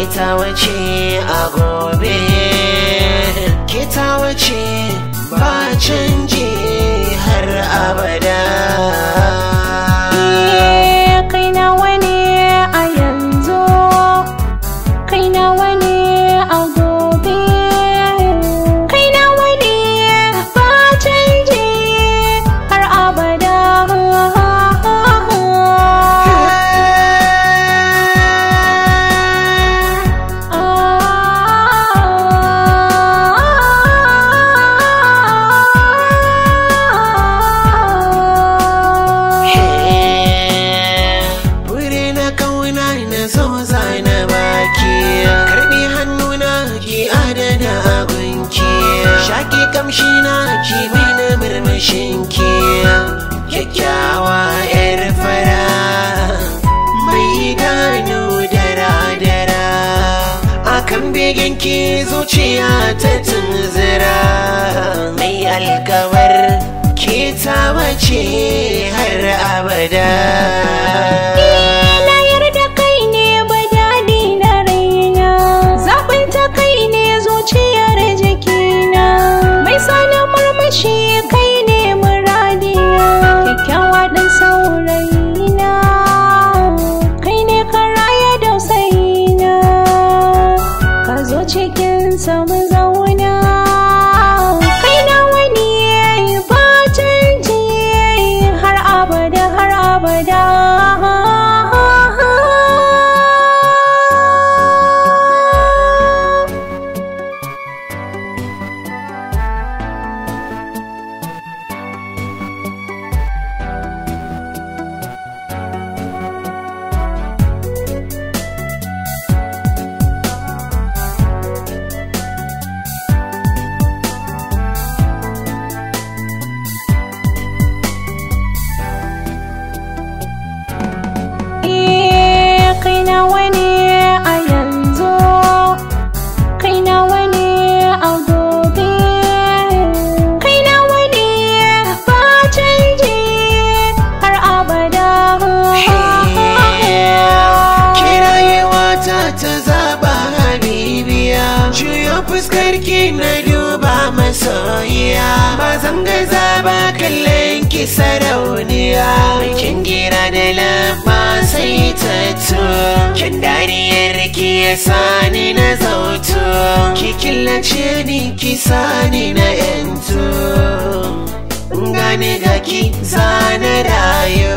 kita ce a gobe kita wace ba canji har abada eh, kai nawa ne a yanzu kai nawa baki kamshi na ci na murmushin ki kyakkyawa yar fara mai gano dara-dara a kan begen ki zuciya ta tunzura mai alkawar ke ta wace har abada ce ta zaba habibiya juyo fuskar ki na duba masoyiya ba zan ga zaba kallon ki sarauniya kin gira da lamba sai tattu kin dariyar ki ya sani na zautu ki killace ni ki sani na 'yanzu. gane ga ki zane rayu